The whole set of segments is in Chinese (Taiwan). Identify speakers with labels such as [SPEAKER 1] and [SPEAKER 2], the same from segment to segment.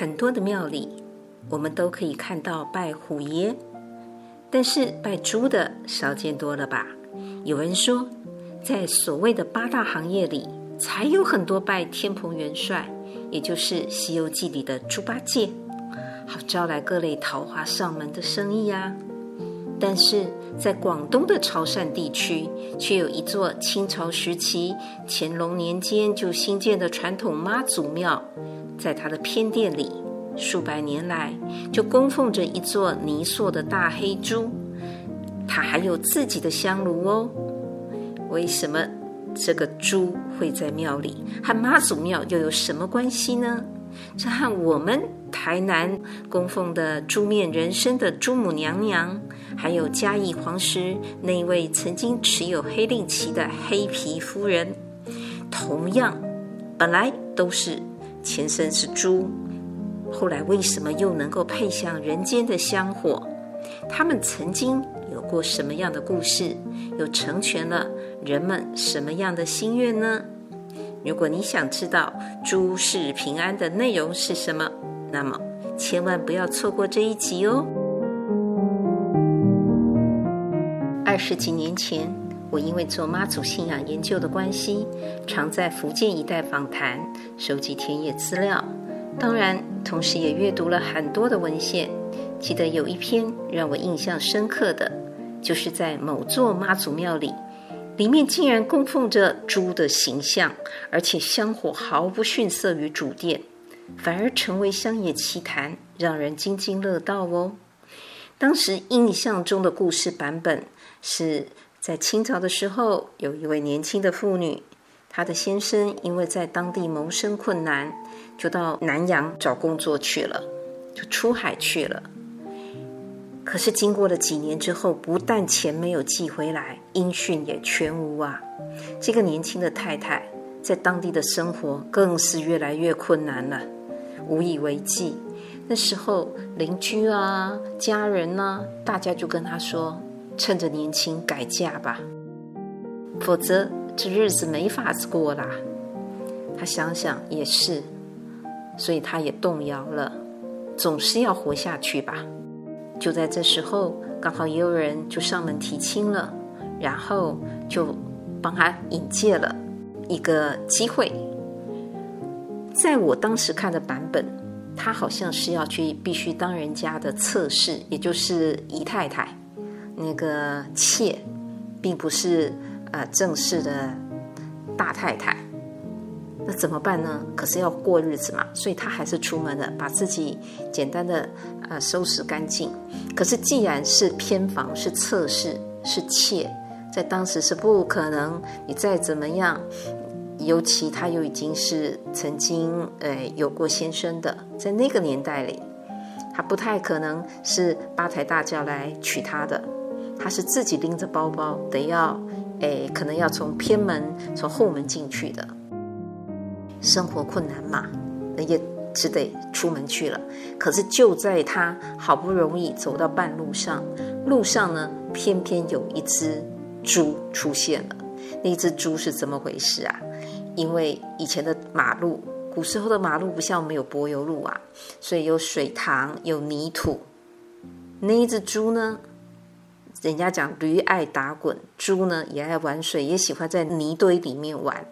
[SPEAKER 1] 很多的廟裡，我們都可以看到拜虎爺，但是拜豬的少見多了吧？有人說，在所謂的八大行業裡，才有很多拜天蓬元帥，也就是《西遊記》裡的豬八戒，好招來各類桃花上門的生意啊。但是在廣東的潮汕地區，卻有一座清朝時期乾隆年間就興建的傳統媽祖廟。在他的偏殿裡，數百年來就供奉着一座泥塑的大黑豬，他還有自己的香爐哦。為什麼這個豬會在廟裡？和媽祖廟又有什麼關係呢？這和我們台南供奉的豬面人身的豬母娘娘，還有嘉義黃石那一位曾經持有黑令旗的黑皮夫人，同樣本來都是。前身是豬，後來為什麼又能夠配享人間的香火？他們曾經有過什麼樣的故事？又成全了人們什麼樣的心願呢？如果你想知道豬示平安的內容是什麼，那麼千萬不要錯過這一集哦。二十幾年前。我因為做媽祖信仰研究的關係，常在福建一帶訪談、收集田野資料。當然，同時也閱讀了很多的文獻。記得有一篇讓我印象深刻的，就是在某座媽祖廟裡，裡面竟然供奉着豬的形象，而且香火毫不遜色於主殿，反而成為鄉野奇談，讓人津津樂道哦。當時印象中的故事版本是。在清朝的時候，有一位年輕的婦女，她的先生因為在當地謀生困難，就到南洋找工作去了，就出海去了。可是經過了幾年之後，不但錢沒有寄回來，音訊也全無啊！這個年輕的太太在當地的生活更是越來越困難了，無以為繼。那時候鄰居啊、家人呢、啊，大家就跟她說。趁着年輕改嫁吧，否則這日子沒法子過啦。他想想也是，所以他也動搖了，總是要活下去吧。就在這時候，剛好也有人就上門提親了，然後就幫他引薦了一個機會。在我當時看的版本，他好像是要去必須當人家的側室，也就是姨太太。那個妾，並不是呃正式的大太太。那怎麼辦呢？可是要過日子嘛，所以他還是出門了，把自己簡單的呃收拾乾淨。可是既然是偏房，是側室，是妾，在當時是不可能。你再怎麼樣，尤其他又已經是曾經呃有過先生的，在那個年代裡，他不太可能是八抬大轎來娶她的。他是自己拎着包包，得要，誒，可能要從偏門、從後門進去的。生活困難嘛，那也只得出門去了。可是就在他好不容易走到半路上，路上呢，偏偏有一隻豬出現了。那隻豬是怎麼回事啊？因為以前的馬路，古時候的馬路不像我們有柏油路啊，所以有水塘，有泥土。那一隻豬呢？人家講驢愛打滾，豬呢也愛玩水，也喜歡在泥堆裡面玩。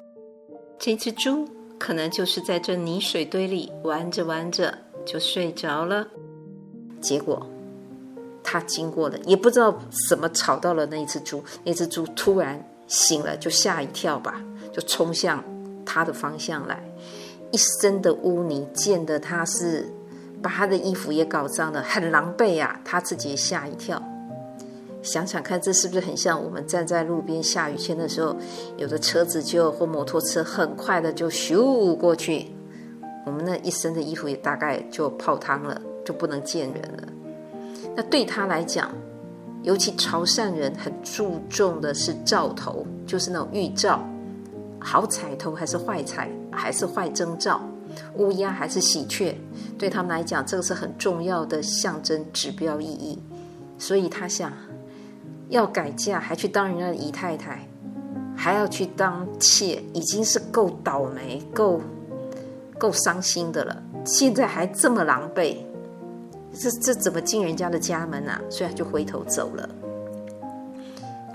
[SPEAKER 1] 這隻豬可能就是在這泥水堆裡玩着玩着就睡着了。結果他經過了，也不知道什麼吵到了那隻豬。那隻豬突然醒了，就嚇一跳吧，就衝向他的方向來，一身的污泥，濺得他是把他的衣服也搞髒了，很狼狽啊！他自己也嚇一跳。想想看，這是不是很像我們站在路邊下雨天的時候，有的車子就或摩托車很快的就咻過去，我們那一身的衣服也大概就泡湯了，就不能見人了。那對他來講，尤其潮汕人很注重的是兆頭，就是那種預兆，好彩頭還是壞彩，還是壞徵兆，烏鴉還是喜鵲，對他們來講，這個是很重要的象徵指標意義。所以他想。要改嫁，還去當人家的姨太太，還要去當妾，已經是夠倒霉，夠夠傷心的了。現在還這麼狼狽，這這怎麼進人家的家門呢、啊？所以他就回頭走了。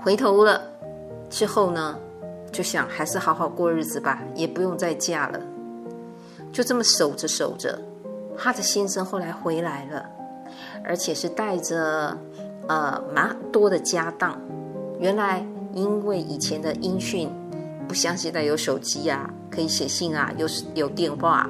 [SPEAKER 1] 回頭了之後呢，就想還是好好過日子吧，也不用再嫁了。就這麼守着守着，她的先生後來回來了，而且是帶着。呃，蠻多的家當。原來因為以前的音訊不像現在有手機啊，可以寫信啊，有有電話。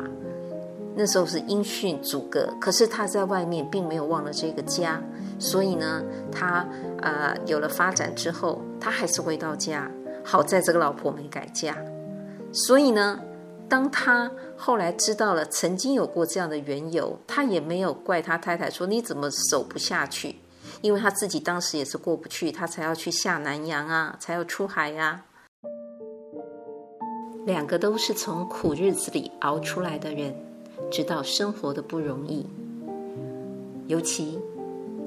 [SPEAKER 1] 那時候是音訊阻隔，可是他在外面並沒有忘了這個家。所以呢，他呃有了發展之後，他還是回到家。好在這個老婆沒改嫁，所以呢，當他後來知道了曾經有過這樣的緣由，他也沒有怪他太太說你怎麼守不下去。因為他自己當時也是過不去，他才要去下南洋啊，才要出海呀、啊。兩個都是從苦日子裡熬出來的人，知道生活的不容易。尤其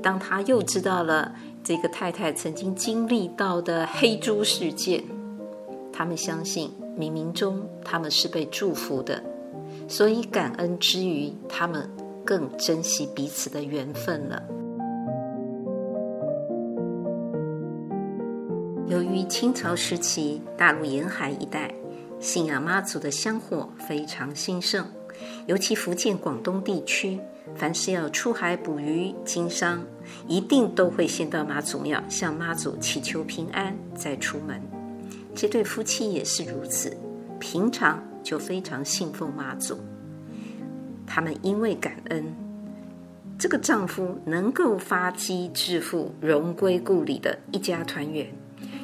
[SPEAKER 1] 當他又知道了這個太太曾經經歷到的黑豬事件，他們相信冥冥中他們是被祝福的，所以感恩之餘，他們更珍惜彼此的緣分了。清朝時期，大陸沿海一帶信仰媽祖的香火非常興盛，尤其福建、廣東地區，凡是要出海捕魚、經商，一定都會先到媽祖廟向媽祖祈求平安，再出門。這對夫妻也是如此，平常就非常信奉媽祖。他們因為感恩這個丈夫能夠發跡致富、榮歸故里的一家團圓。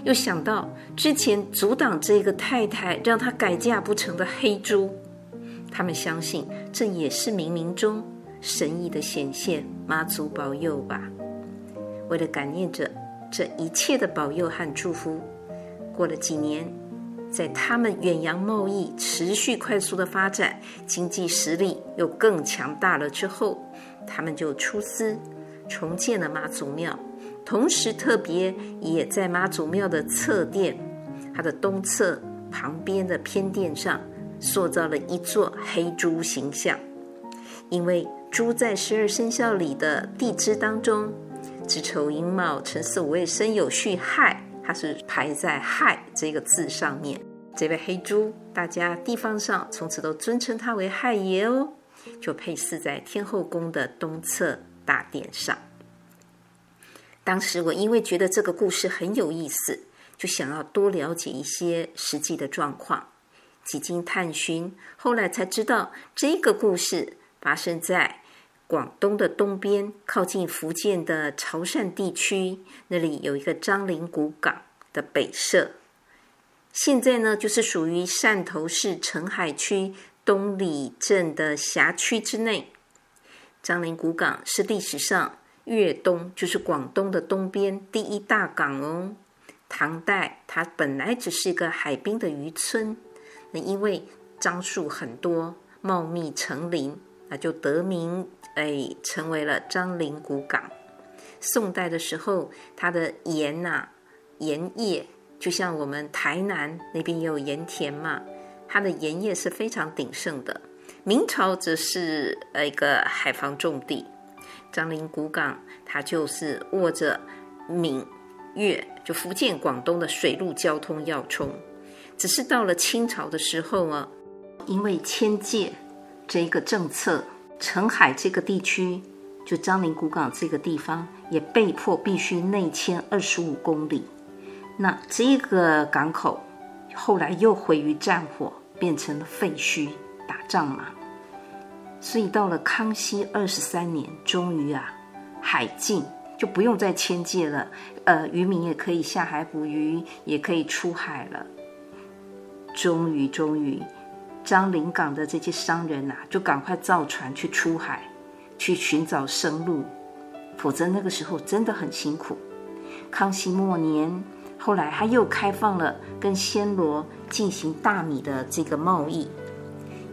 [SPEAKER 1] 又想到之前阻擋這個太太讓她改嫁不成的黑豬，他們相信這也是冥冥中神意的顯現，媽祖保佑吧。為了感念着這一切的保佑和祝福，過了幾年，在他們遠洋貿易持續快速的發展，經濟實力又更強大了之後，他們就出資重建了媽祖廟。同時，特別也在媽祖廟的側殿，它的東側旁邊的偏殿上，塑造了一座黑豬形象。因為豬在十二生肖裡的地支當中，子丑寅卯辰巳午未申酉戌亥，它是排在亥這個字上面。這位黑豬，大家地方上從此都尊稱它為亥爺哦，就配祀在天後宮的東側大殿上。當時我因為覺得這個故事很有意思，就想要多了解一些實際的狀況。幾經探尋，後來才知道這個故事發生在廣東的東邊，靠近福建的潮汕地區。那裡有一個樟林古港的北社，現在呢就是屬於汕頭市澄海區東里鎮的轄區之內。樟林古港是歷史上。粵東就是廣東的東邊第一大港哦。唐代它本來只是一個海濱的漁村，那因為樟樹很多，茂密成林，那就得名，哎，成為了樟林古港。宋代的時候，它的鹽吶，啊，鹽業就像我們台南那邊也有鹽田嘛，它的鹽業是非常鼎盛的。明朝則是呃一個海防重地。樟林古港，它就是握着閩、粵，就福建、廣東的水陸交通要衝。只是到了清朝的時候啊，因為遷界這一個政策，澄海這個地區，就樟林古港這個地方，也被迫必須內遷二十五公里。那這個港口後來又毀於戰火，變成了廢墟。打仗嘛。所以到了康熙二十三年，終於啊，海禁就不用再遷界了，呃，漁民也可以下海捕魚，也可以出海了。終於，終於，樟林港的這些商人啊，就趕快造船去出海，去尋找生路，否則那個時候真的很辛苦。康熙末年，後來他又開放了跟暹羅進行大米的這個貿易，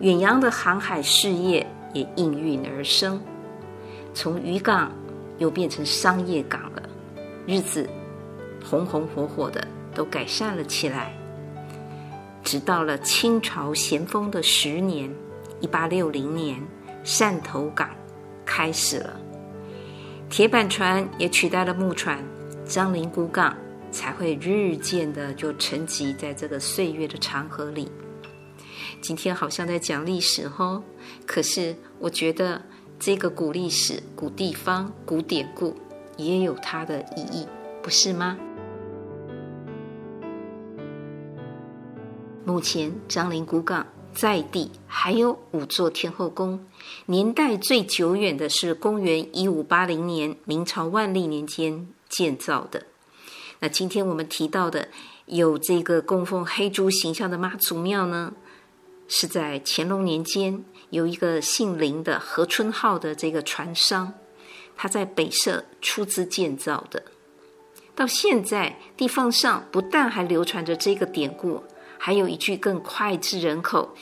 [SPEAKER 1] 遠洋的航海事業。也應運而生，從漁港又變成商業港了，日子紅紅火火的，都改善了起來。直到了清朝咸豐的十年（一八六零年），汕頭港開始了鐵板船，也取代了木船張姑，樟林古港才會日漸的就沉積在這個歲月的長河裡。今天好像在講歷史哦，可是我覺得這個古歷史、古地方、古典故也有它的意義，不是嗎？目前樟林古港在地還有五座天後宮，年代最久遠的是公元一五八零年明朝萬歷年間建造的。那今天我們提到的有這個供奉黑豬形象的媽祖廟呢？是在乾隆年間，有一個姓林的何春號的這個船商，他在北社出資建造的。到現在，地方上不但還流傳着這個典故，還有一句更膾炙人口、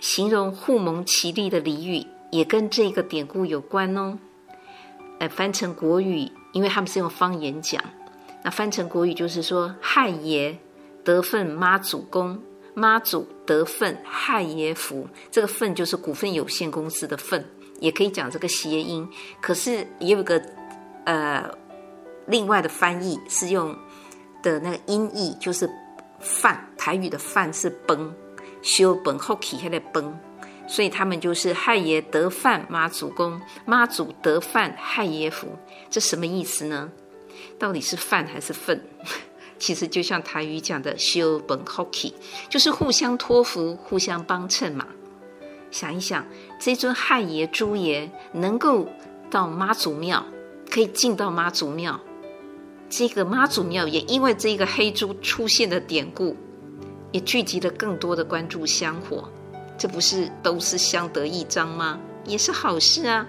[SPEAKER 1] 形容互蒙其利的俚語，也跟這個典故有關哦。呃，翻成國語，因為他們是用方言講，那翻成國語就是說：“亥爺得份媽祖宮。”媽祖得份，亥爺福。這個份就是股份有限公司的份，也可以講這個諧音。可是也有一個，呃，另外的翻譯是用的那個音譯，就是飯。台語的飯是崩，修本後起下在崩，所以他們就是亥爺得飯，媽祖公，媽祖得飯，亥爺福。這什麼意思呢？到底是飯還是份？其實就像台語講的“修本好契”，就是互相托付、互相幫襯嘛。想一想，這尊亥爺豬爺能夠到媽祖廟，可以進到媽祖廟，這個媽祖廟也因為這個黑豬出現的典故，也聚集了更多的關注香火，這不是都是相得益彰嗎？也是好事啊。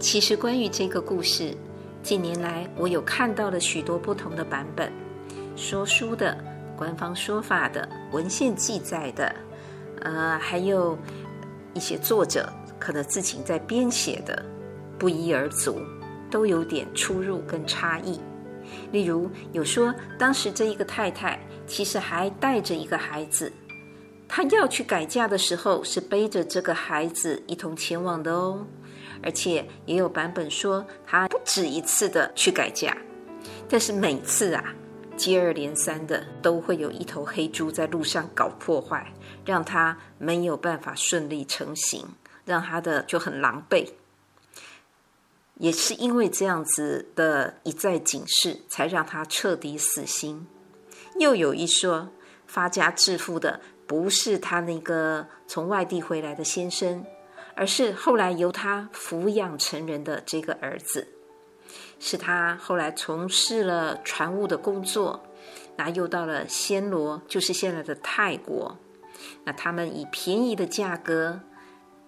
[SPEAKER 1] 其實關於這個故事，近年來我有看到了許多不同的版本。說書的官方說法的文獻記載的，呃，還有一些作者可能自己在編寫的，不一而足，都有點出入跟差異。例如，有說當時這一個太太其實還帶着一個孩子，她要去改嫁的時候是背着這個孩子一同前往的哦。而且也有版本說她不止一次的去改嫁，但是每次啊。接二連三的都會有一頭黑豬在路上搞破壞，讓他沒有辦法順利成行，讓他的就很狼狽。也是因為這樣子的一再警示，才讓他徹底死心。又有一說，發家致富的不是他那個從外地回來的先生，而是後來由他撫養成人的這個兒子。是他後來從事了船務的工作，那又到了暹羅，就是現在的泰國。那他們以便宜的價格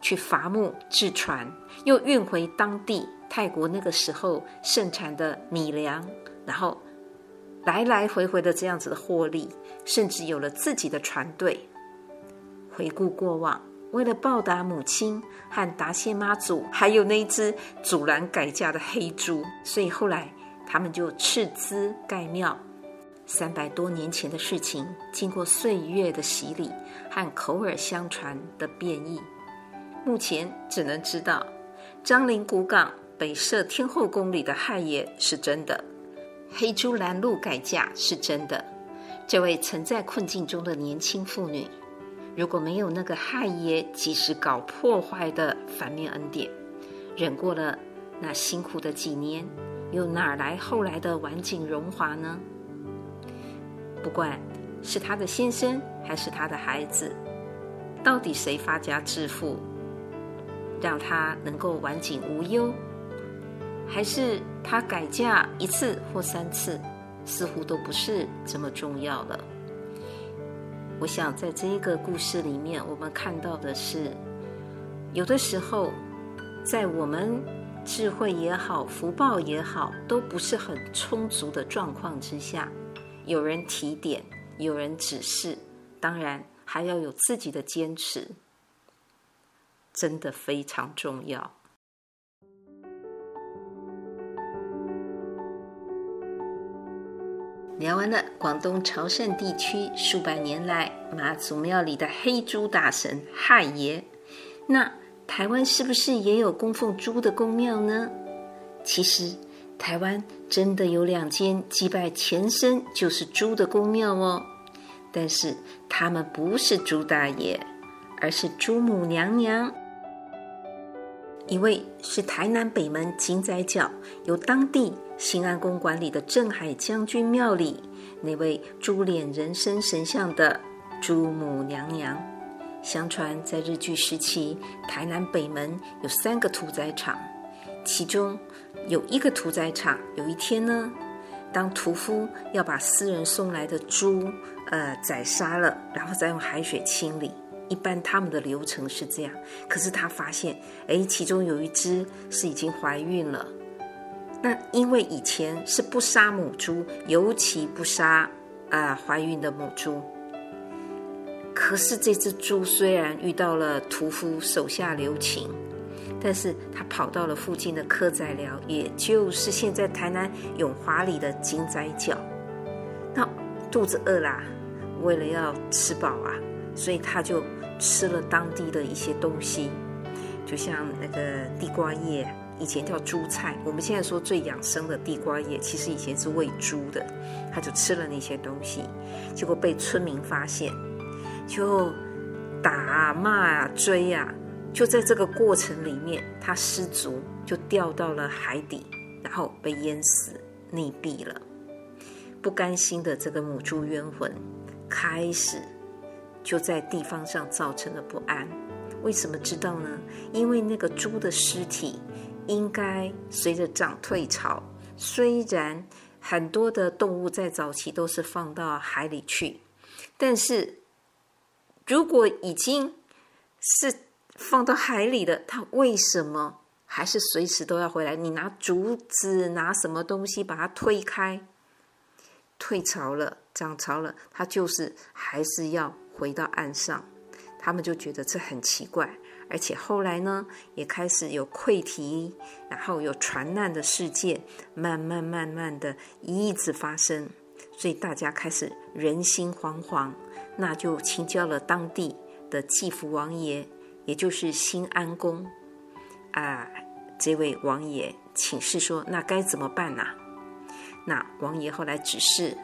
[SPEAKER 1] 去伐木製船，又運回當地泰國那個時候盛產的米糧，然後來來回回的這樣子的獲利，甚至有了自己的船隊，回顧過往。為了報答母親和答謝媽祖，還有那隻阻攔改嫁的黑豬，所以後來他們就斥資蓋廟。三百多年前的事情，經過歲月的洗禮和口耳相傳的變異，目前只能知道樟林古港北社天後宮裡的亥爺是真的，黑豬攔路改嫁是真的。這位曾在困境中的年輕婦女。如果沒有那個亥爺及時搞破壞的反面恩典，忍過了那辛苦的幾年，又哪來後來的晚景榮華呢？不管是她的先生還是她的孩子，到底誰發家致富，讓她能夠晚景無憂，還是她改嫁一次或三次，似乎都不是這麼重要了。我想，在這一個故事裡面，我們看到的是，有的時候，在我們智慧也好、福報也好，都不是很充足的狀況之下，有人提點，有人指示，當然還要有自己的堅持，真的非常重要。聊完了廣東潮汕地區數百年來媽祖廟裡的黑豬大神亥爺，那台灣是不是也有供奉豬的宮廟呢？其實台灣真的有兩間祭拜前身就是豬的宮廟哦，但是他們不是豬大爺，而是豬母娘娘。一位是台南北門井仔腳，有當地。新安公館裡的鎮海將軍廟裡，那位豬臉人身神像的豬母娘娘。相傳在日據時期，台南北門有三個屠宰場，其中有一個屠宰場，有一天呢，當屠夫要把私人送來的豬，呃，宰殺了，然後再用海水清理。一般他們的流程是這樣，可是他發現，哎，其中有一隻是已經懷孕了。那因為以前是不殺母豬，尤其不殺啊、呃、懷孕的母豬。可是這隻豬雖然遇到了屠夫手下留情，但是他跑到了附近的柯仔寮，也就是現在台南永華里的金仔腳。那肚子餓啦，為了要吃飽啊，所以他就吃了當地的一些東西，就像那個地瓜葉。以前叫豬菜，我們現在說最養生的地瓜葉，其實以前是餵豬的，他就吃了那些東西，結果被村民發現，就打啊罵啊、追啊，就在這個過程裡面，他失足就掉到了海底，然後被淹死、溺斃了。不甘心的這個母豬冤魂，開始就在地方上造成了不安。為什麼知道呢？因為那個豬的屍體。應該隨着漲退潮。雖然很多的動物在早期都是放到海裡去，但是如果已經是放到海裡的，它為什麼還是隨時都要回來？你拿竹子拿什麼東西把它推開？退潮了，漲潮了，它就是還是要回到岸上。他們就覺得這很奇怪。而且後來呢，也開始有潰堤，然後有船難的事件，慢慢慢慢的一直發生，所以大家開始人心惶惶，那就請教了當地的紀府王爺，也就是新安宮啊、呃，這位王爺請示說，那該怎麼辦呢、啊？那王爺後來指示，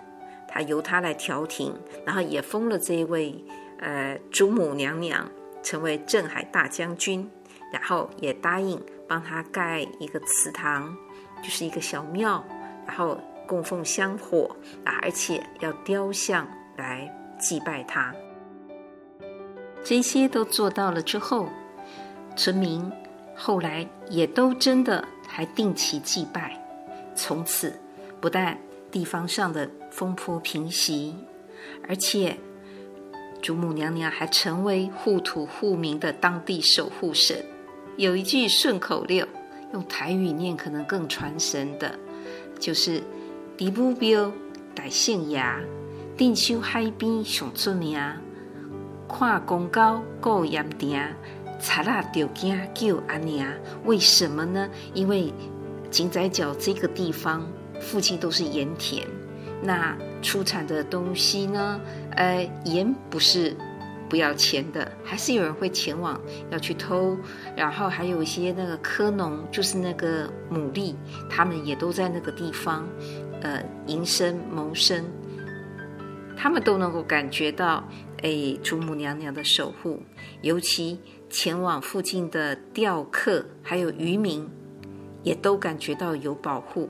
[SPEAKER 1] 他由他來調停，然後也封了這位呃豬母娘娘，成為鎮海大將軍，然後也答應幫他蓋一個祠堂，就是一個小廟，然後供奉香火啊，而且要雕像來祭拜他。這些都做到了之後，村民後來也都真的還定期祭拜。從此，不但地方上的風波平息，而且。豬母娘娘還成為護土護民的當地守護神。有一句順口溜，用台語念可能更傳神的，就是“豬母廟，大姓牙，定修海濱上出名，跨公溝，過鹽田，查蠟吊羹叫阿娘。”為什麼呢？因為井仔腳這個地方附近都是鹽田，那。出產的東西呢？呃，鹽不是不要錢的，還是有人會前往要去偷。然後還有一些那個蚵農，就是那個牡蠣，他們也都在那個地方，呃，營生謀生。他們都能夠感覺到，哎，豬母娘娘的守護。尤其前往附近的釣客，還有漁民，也都感覺到有保護。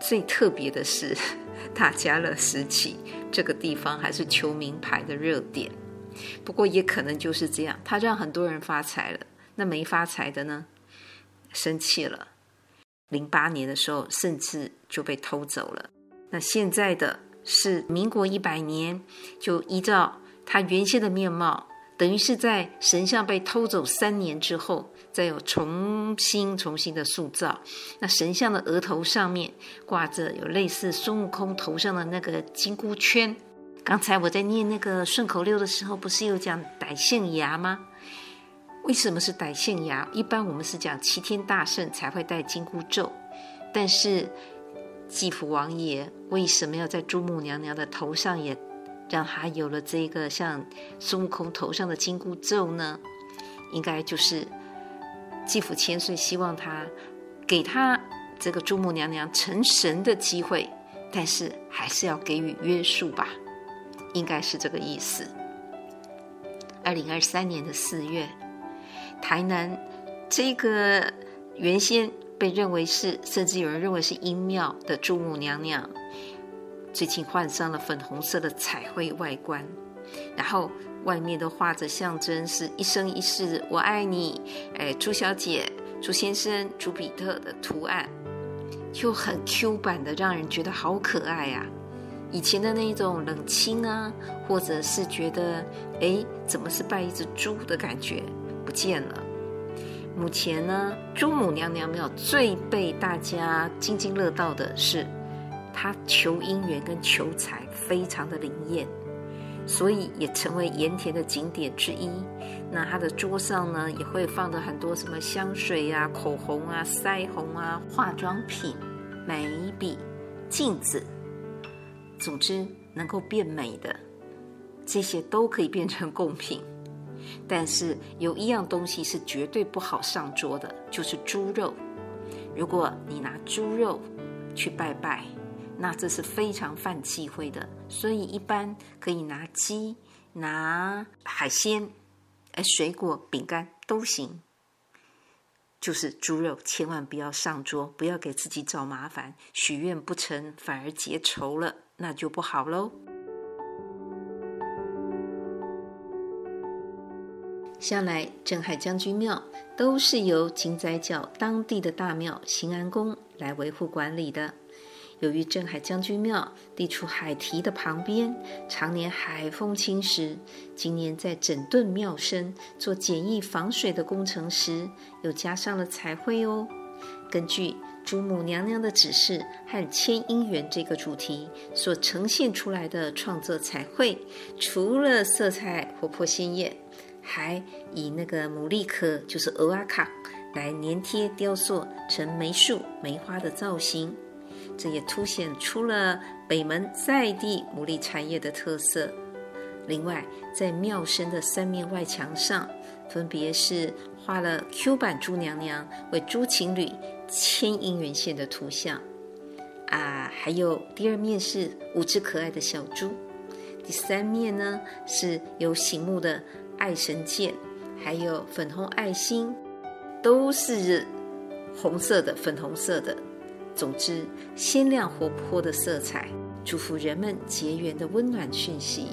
[SPEAKER 1] 最特別的是。大家樂時期，這個地方還是求明牌的熱點。不過也可能就是這樣，它讓很多人發財了。那沒發財的呢？生氣了。零八年的時候，甚至就被偷走了。那現在的是民國一百年，就依照它原先的面貌，等於是在神像被偷走三年之後。再有重新、重新的塑造，那神像的額頭上面掛着有類似孫悟空頭上的那個金箍圈。剛才我在念那個順口溜的時候，不是有講“歹性牙”嗎？為什麼是“歹性牙”？一般我們是講齊天大聖才會戴金箍咒，但是池府王爺為什麼要在豬母娘娘的頭上也讓她有了這個像孫悟空頭上的金箍咒呢？應該就是。紀府千歲希望他給他這個豬母娘娘成神的機會，但是還是要給予約束吧，應該是這個意思。二零二三年的四月，台南這個原先被認為是，甚至有人認為是陰廟的豬母娘娘，最近換上了粉紅色的彩繪外觀，然後。外面都畫着象徵是一生一世我愛你，哎，豬小姐、豬先生、朱比特的圖案，就很 Q 版的，讓人覺得好可愛啊！以前的那種冷清啊，或者是覺得哎，怎麼是拜一隻豬的感覺不見了。目前呢，豬母娘娘廟最被大家津津樂道的是，她求姻緣跟求財非常的靈驗。所以也成為鹽田的景點之一。那他的桌上呢，也會放着很多什麼香水啊、口紅啊、腮紅啊、化妝品、眉筆、鏡子，總之能夠變美的這些都可以變成貢品。但是有一樣東西是絕對不好上桌的，就是豬肉。如果你拿豬肉去拜拜，那這是非常犯忌諱的。所以一般可以拿雞、拿海鮮、哎水果、餅乾都行，就是豬肉千萬不要上桌，不要給自己找麻煩。許願不成反而結仇了，那就不好嘍。向來鎮海將軍廟都是由金仔教當地的大廟興安宮來維護管理的。由於鎮海將軍廟地處海堤的旁邊，常年海風侵蝕。今年在整頓廟身、做簡易防水的工程時，又加上了彩繪哦。根據豬母娘娘的指示和“千姻緣”這個主題所呈現出來的創作彩繪，除了色彩活潑鮮豔，還以那個牡蠣殼就是蚵阿卡來粘貼雕塑成梅樹、梅花的造型。這也凸顯出了北門在地牡蠣產業的特色。另外，在廟身的三面外牆上，分別是畫了 Q 版豬娘娘為豬情侶牽姻緣線的圖像，啊，還有第二面是五只可愛的小豬，第三面呢是有醒目的愛神箭，還有粉紅愛心，都是紅色的粉紅色的。總之，鮮亮活潑的色彩，祝福人們結緣的溫暖訊息，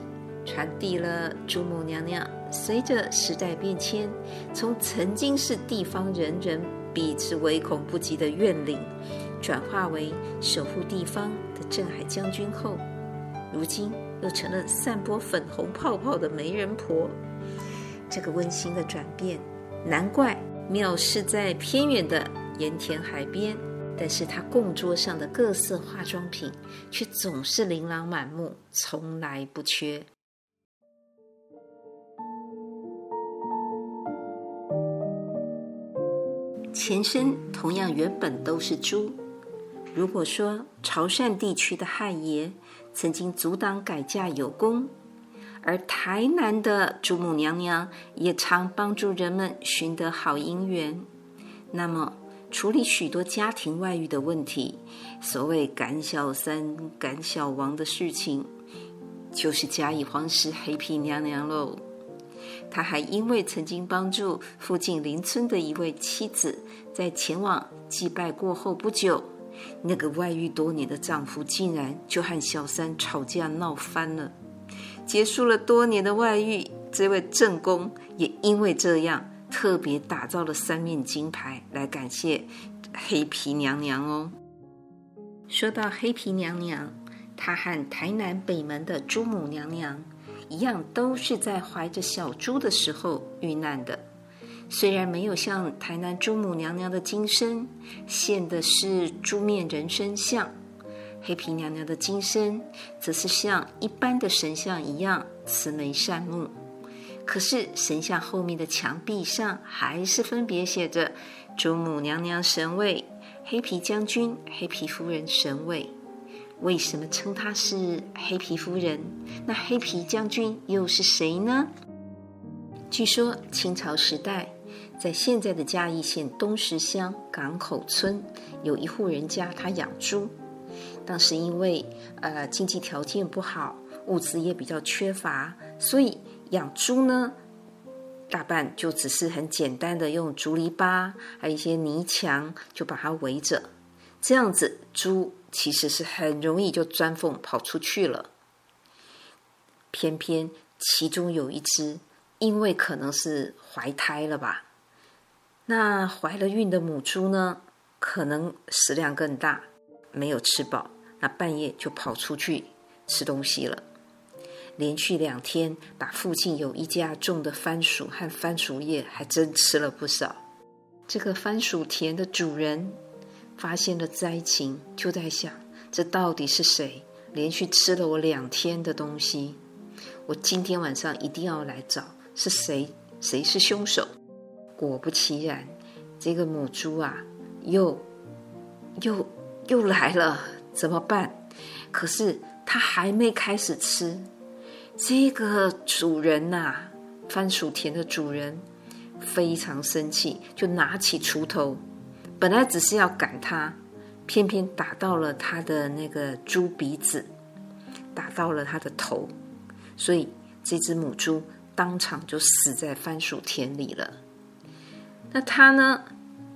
[SPEAKER 1] 傳遞了豬母娘娘隨着時代變遷，從曾經是地方人人彼此唯恐不及的怨靈，轉化為守護地方的鎮海將軍後，如今又成了散播粉紅泡泡的媒人婆。這個溫馨的轉變，難怪廟是在偏遠的鹽田海邊。但是他供桌上的各色化妝品卻總是琳琅滿目，從來不缺。前身同樣原本都是豬。如果說潮汕地區的亥爺曾經阻擋改嫁有功，而台南的豬母娘娘也常幫助人們尋得好姻緣，那麼。處理許多家庭外遇的問題，所謂趕小三、趕小王的事情，就是嘉義黃石黑皮娘娘嘍。她還因為曾經幫助附近鄰村的一位妻子，在前往祭拜過後不久，那個外遇多年的丈夫竟然就和小三吵架鬧翻了，結束了多年的外遇。這位正宮也因為這樣。特別打造了三面金牌來感謝黑皮娘娘哦。說到黑皮娘娘，她和台南北門的豬母娘娘一樣，都是在懷着小豬的時候遇難的。雖然沒有像台南豬母娘娘的金身，現的是豬面人身像，黑皮娘娘的金身則是像一般的神像一樣慈眉善目。可是神像後面的牆壁上還是分別寫着“豬母娘娘神位”、“黑皮將軍”、“黑皮夫人神位”。為什麼稱她是黑皮夫人？那黑皮將軍又是誰呢？據說清朝時代，在現在的嘉義縣東石鄉港口村，有一戶人家他養豬。當時因為呃經濟條件不好，物資也比較缺乏，所以。養豬呢，大半就只是很簡單的用竹籬笆，還有一些泥牆，就把它圍着。這樣子，豬其實是很容易就鑽縫跑出去了。偏偏其中有一只，因為可能是懷胎了吧，那懷了孕的母豬呢，可能食量更大，沒有吃飽，那半夜就跑出去吃東西了。連續兩天，把附近有一家種的番薯和番薯葉還真吃了不少。這個番薯田的主人發現了災情，就在想：這到底是誰連續吃了我兩天的東西？我今天晚上一定要來找是誰，誰是兇手？果不其然，這個母豬啊，又又又來了，怎麼辦？可是它還沒開始吃。這個主人吶、啊，番薯田的主人非常生氣，就拿起鋤頭，本來只是要趕他，偏偏打到了他的那個豬鼻子，打到了他的頭，所以這只母豬當場就死在番薯田裡了。那他呢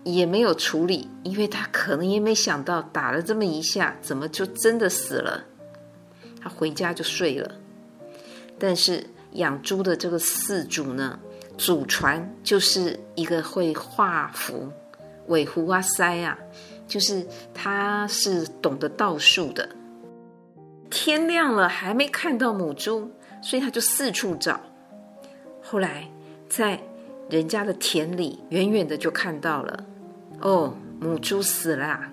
[SPEAKER 1] 也沒有處理，因為他可能也沒想到打了這麼一下，怎麼就真的死了？他回家就睡了。但是養豬的這個飼主呢，祖傳就是一個會畫符、尾符啊、塞啊，就是他是懂得道術的。天亮了還沒看到母豬，所以他就四處找。後來在人家的田裡，遠遠的就看到了，哦，母豬死了，啊，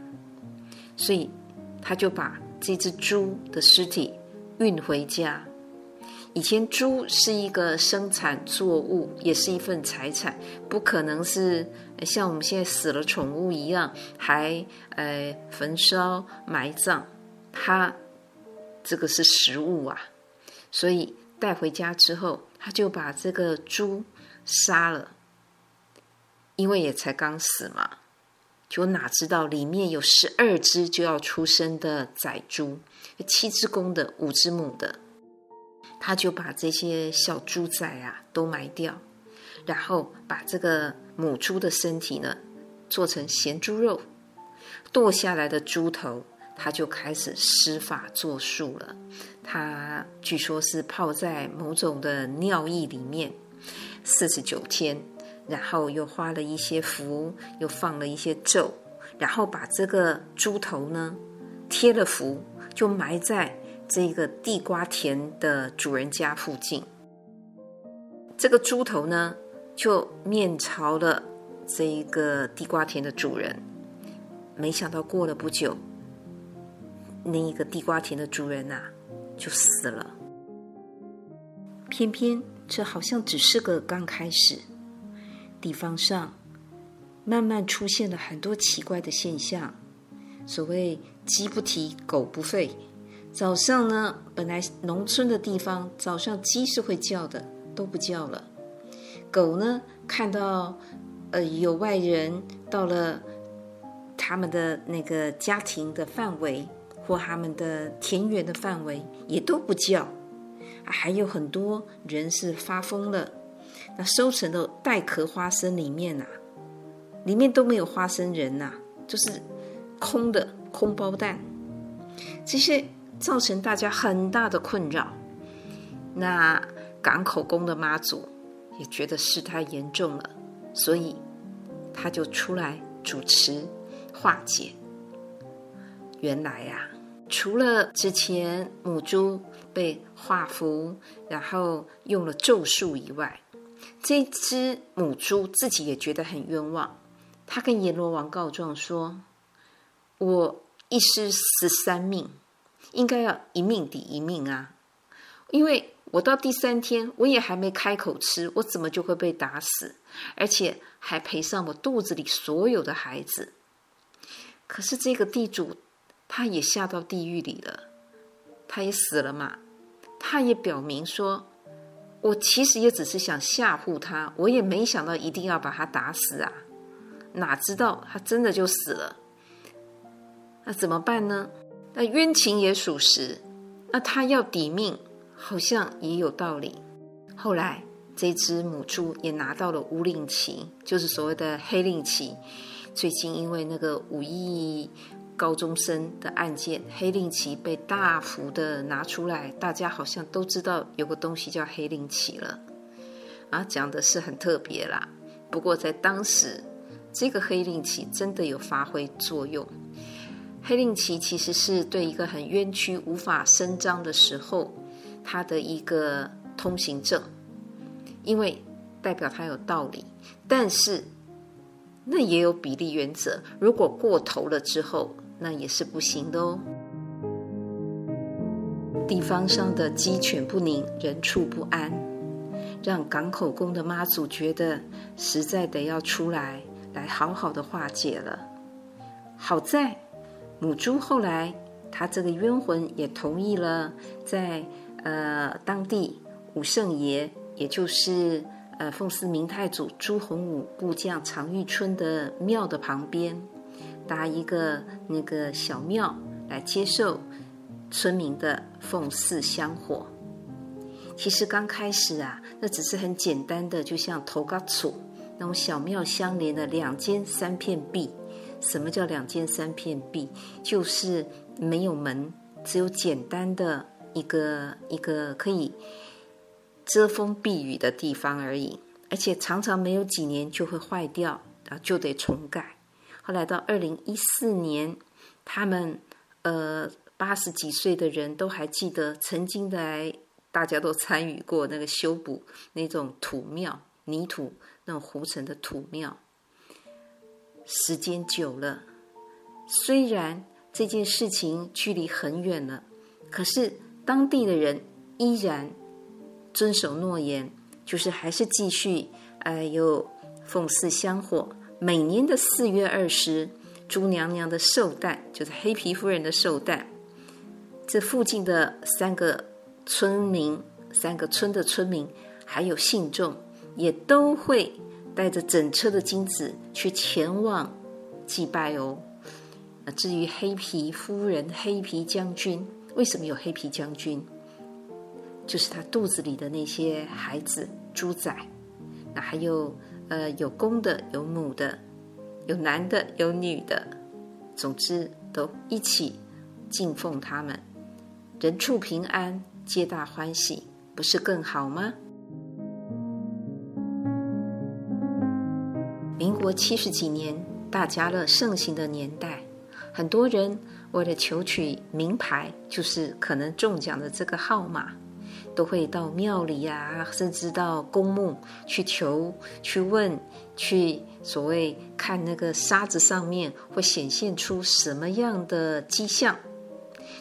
[SPEAKER 1] 所以他就把這隻豬的屍體運回家。以前豬是一個生產作物，也是一份財產，不可能是像我們現在死了寵物一樣，還呃焚燒埋葬。它這個是食物啊，所以帶回家之後，他就把這個豬殺了，因為也才剛死嘛，就哪知道裡面有十二隻就要出生的仔豬，七隻公的，五隻母的。他就把這些小豬仔啊都埋掉，然後把這個母豬的身體呢做成鹹豬肉，剁下來的豬頭，他就開始施法作術了。他據說是泡在某種的尿液裡面四十九天，然後又畫了一些符，又放了一些咒，然後把這個豬頭呢貼了符，就埋在。這個地瓜田的主人家附近，這個豬頭呢，就面朝了這一個地瓜田的主人。沒想到過了不久，那一個地瓜田的主人吶、啊，就死了。偏偏這好像只是個剛開始，地方上慢慢出現了很多奇怪的現象。所謂“雞不啼，狗不吠”。早上呢，本來農村的地方早上雞是會叫的，都不叫了。狗呢，看到呃有外人到了他們的那個家庭的範圍或他們的田園的範圍，也都不叫。還有很多人是發瘋了。那收成的帶殼花生裡面吶、啊，裡面都沒有花生仁吶、啊，就是空的空包蛋。這些。造成大家很大的困擾，那港口宮的媽祖也覺得事態嚴重了，所以他就出來主持化解。原來呀、啊，除了之前母豬被畫符，然後用了咒術以外，這隻母豬自己也覺得很冤枉，他跟閻羅王告狀說：“我一屍十三命。”應該要一命抵一命啊！因為我到第三天，我也還沒開口吃，我怎麼就會被打死，而且還賠上我肚子裡所有的孩子？可是這個地主，他也下到地獄裡了，他也死了嘛？他也表明說，我其實也只是想嚇唬他，我也沒想到一定要把他打死啊！哪知道他真的就死了，那怎麼辦呢？那冤情也屬實，那他要抵命好像也有道理。後來這隻母豬也拿到了烏令旗，就是所謂的黑令旗。最近因為那個五億高中生的案件，黑令旗被大幅地拿出來，大家好像都知道有個東西叫黑令旗了。啊，講的是很特別啦。不過在當時，這個黑令旗真的有發揮作用。黑令旗其實是對一個很冤屈無法伸張的時候，他的一個通行證，因為代表他有道理，但是那也有比例原則，如果過頭了之後，那也是不行的哦。地方上的雞犬不寧、人畜不安，讓港口宮的媽祖覺得實在得要出來，來好好的化解了。好在。母豬後來，他這個冤魂也同意了在，在呃當地武聖爺，也就是呃奉祀明太祖朱洪武部將常遇春的廟的旁邊，搭一個那個小廟來接受村民的奉祀香火。其實剛開始啊，那只是很簡單的，就像頭蓋厝那種小廟相連的兩間三片壁。什麼叫兩間三片壁？就是沒有門，只有簡單的一個一個可以遮風避雨的地方而已。而且常常沒有幾年就會壞掉，啊，就得重蓋。後來到二零一四年，他們呃八十幾歲的人都還記得曾經來，大家都參與過那個修補那種土廟、泥土那種糊成的土廟。時間久了，雖然這件事情距離很遠了，可是當地的人依然遵守諾言，就是還是繼續哎有奉祀香火。每年的四月二十，豬娘娘的壽誕，就是黑皮夫人的壽誕，這附近的三個村民、三個村的村民還有信眾，也都會。帶着整車的金子去前往祭拜哦。那至於黑皮夫人、黑皮將軍，為什麼有黑皮將軍？就是他肚子裡的那些孩子、豬崽。那還有，呃，有公的，有母的，有男的，有女的，總之都一起敬奉他們，人畜平安，皆大歡喜，不是更好嗎？國七十幾年，大家樂盛行的年代，很多人為了求取名牌，就是可能中獎的這個號碼，都會到廟裡呀、啊，甚至到公墓去求、去問、去所謂看那個沙子上面會顯現出什麼樣的跡象。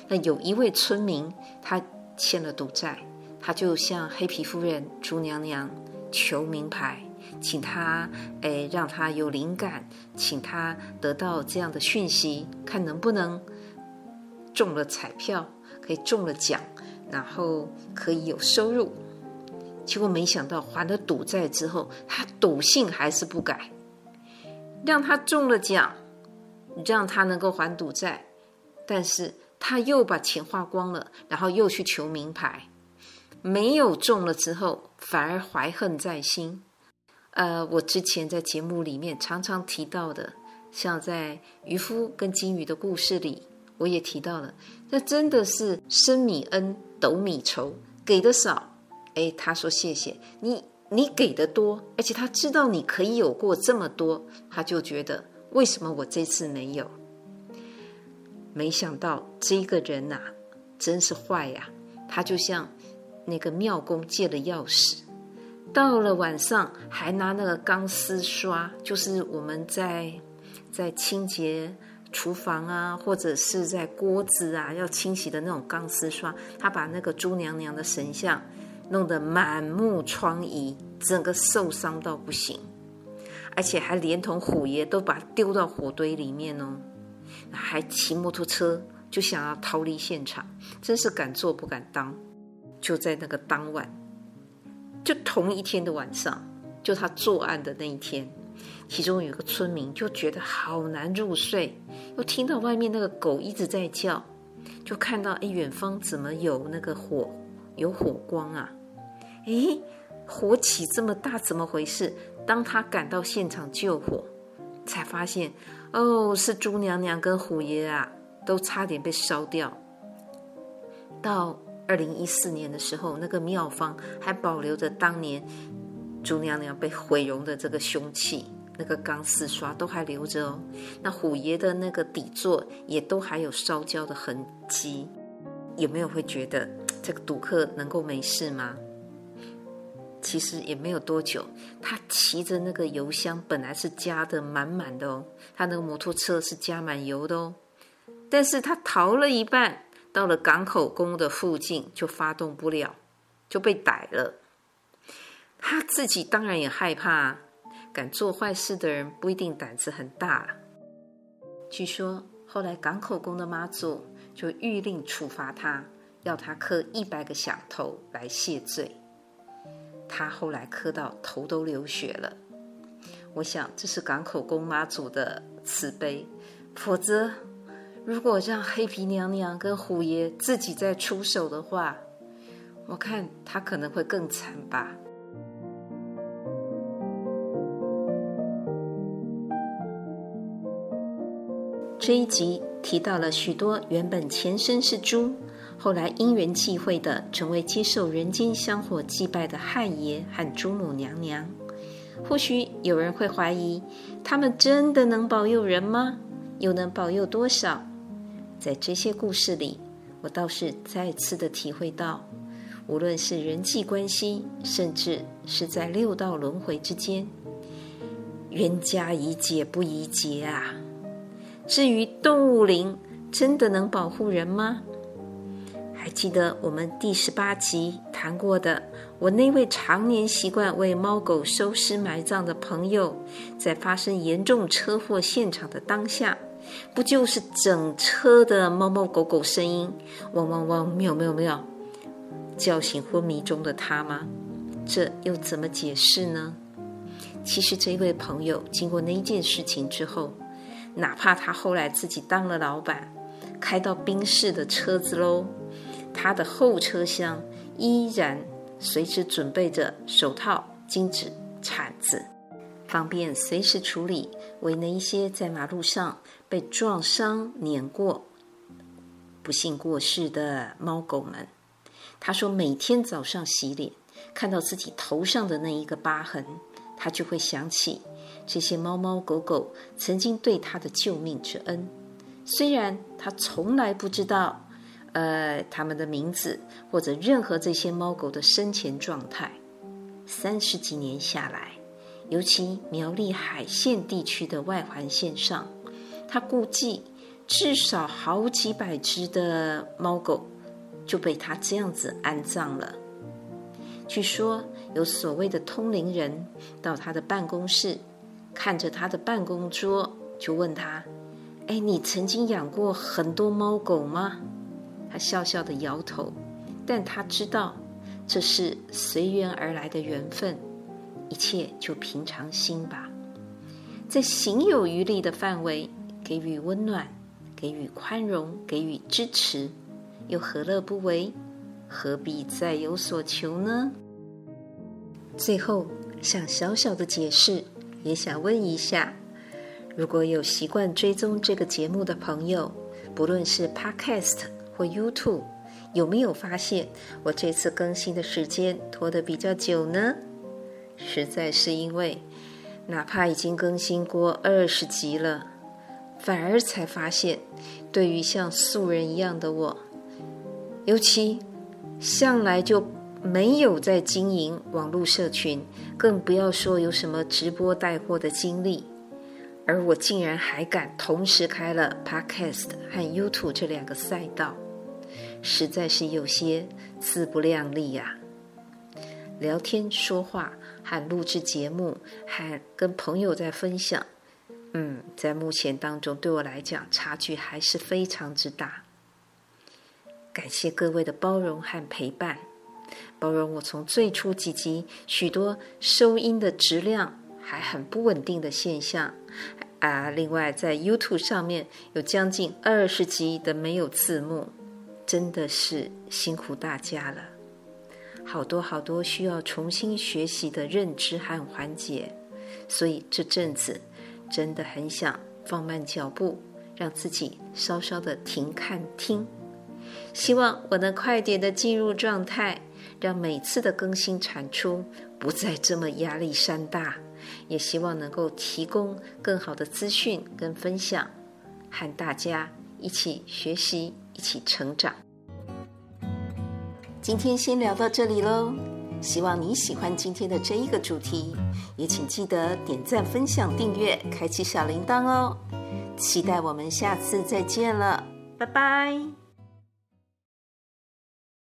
[SPEAKER 1] 那有一位村民，他欠了賭債，他就向黑皮夫人朱娘娘求名牌。請他，哎，讓他有靈感，請他得到這樣的訊息，看能不能中了彩票，可以中了獎，然後可以有收入。結果沒想到還了賭債之後，他賭性還是不改，讓他中了獎，讓他能夠還賭債，但是他又把錢花光了，然後又去求名牌。沒有中了之後，反而懷恨在心。呃，我之前在節目裡面常常提到的，像在漁夫跟金魚的故事裡，我也提到了，那真的是升米恩，斗米仇，給的少，哎，他說謝謝你，你給的多，而且他知道你可以有過這麼多，他就覺得為什麼我這次沒有？沒想到這個人吶、啊，真是壞呀、啊，他就向那個廟公借了鑰匙。到了晚上，還拿那個鋼絲刷，就是我們在在清潔廚房啊，或者是在鍋子啊要清洗的那種鋼絲刷，他把那個豬娘娘的神像弄得滿目瘡痍，整個受傷到不行，而且還連同虎爺都把它丟到火堆裡面哦，還騎摩托車就想要逃離現場，真是敢做不敢當。就在那個當晚。就同一天的晚上，就他作案的那一天，其中有個村民就覺得好難入睡，又聽到外面那個狗一直在叫，就看到誒遠方怎麼有那個火，有火光啊？誒，火起這麼大，怎麼回事？當他趕到現場救火，才發現哦，是豬娘娘跟虎爺啊，都差點被燒掉。到。二零一四年的時候，那個廟方還保留着當年豬娘娘被毀容的這個凶器，那個鋼絲刷都還留着哦。那虎爺的那個底座也都還有燒焦的痕跡，有沒有會覺得這個賭客能夠沒事嗎？其實也沒有多久，他騎着那個油箱本來是加得滿滿的哦，他那個摩托車是加滿油的哦，但是他逃了一半。到了港口宮的附近就發動不了，就被逮了。他自己當然也害怕，敢做壞事的人不一定膽子很大。據說後來港口宮的媽祖就諭令處罰他，要他磕一百個響頭來謝罪。他後來磕到頭都流血了。我想這是港口宮媽祖的慈悲，否則。如果讓黑皮娘娘跟虎爺自己再出手的話，我看他可能會更慘吧。這一集提到了許多原本前身是豬，後來因緣際會的成為接受人間香火祭拜的亥爺和豬母娘娘。或許有人會懷疑，他們真的能保佑人嗎？又能保佑多少？在這些故事裡，我倒是再次的體會到，無論是人際關係，甚至是在六道輪迴之間，冤家宜解不宜結啊。至於動物靈真的能保護人嗎？還記得我們第十八集談過的，我那位常年習慣為貓狗收屍埋葬的朋友，在發生嚴重車禍現場的當下。不就是整車的貓貓狗狗聲音，汪汪汪，沒有沒有沒有，叫醒昏迷中的他嗎？這又怎麼解釋呢？其實這位朋友經過那件事情之後，哪怕他後來自己當了老闆，開到賓士的車子嘍，他的後車廂依然隨時準備着手套、金紙、鏟子，方便隨時處理，為那一些在馬路上。被撞傷、碾過、不幸過世的貓狗們，他說：“每天早上洗臉，看到自己頭上的那一個疤痕，他就會想起這些貓貓狗狗曾經對他的救命之恩。雖然他從來不知道，呃，他們的名字或者任何這些貓狗的生前狀態。三十幾年下來，尤其苗栗海線地區的外環線上。”他估計至少好幾百只的貓狗就被他這樣子安葬了。據說有所謂的通靈人到他的辦公室，看着他的辦公桌，就問他：“哎，你曾經養過很多貓狗嗎？”他笑笑地搖頭，但他知道這是隨緣而來的緣分，一切就平常心吧，在行有餘力的範圍。給予溫暖，給予寬容，給予支持，又何樂不為？何必再有所求呢？最後想小小的解釋，也想問一下，如果有習慣追蹤這個節目的朋友，不論是 Podcast 或 YouTube，有沒有發現我這次更新的時間拖得比較久呢？實在是因為，哪怕已經更新過二十集了。反而才發現，對於像素人一樣的我，尤其向來就沒有在經營網絡社群，更不要說有什麼直播帶貨的經歷。而我竟然還敢同時開了 Podcast 和 YouTube 這兩個賽道，實在是有些自不量力呀、啊！聊天說話，還錄製節目，還跟朋友在分享。嗯，在目前當中，對我來講，差距還是非常之大。感謝各位的包容和陪伴，包容我從最初幾集許多收音的質量還很不穩定的現象，啊，另外在 YouTube 上面有將近二十集的沒有字幕，真的是辛苦大家了。好多好多需要重新學習的認知和環節，所以這陣子。真的很想放慢腳步，讓自己稍稍的停、看、聽。希望我能快點的進入狀態，讓每次的更新產出不再這麼壓力山大。也希望能夠提供更好的資訊跟分享，和大家一起學習，一起成長。今天先聊到這裡嘍。希望你喜歡今天的這一個主題，也請記得點讚、分享、訂閱，開啟小鈴鐺哦。期待我們下次再見了，拜拜。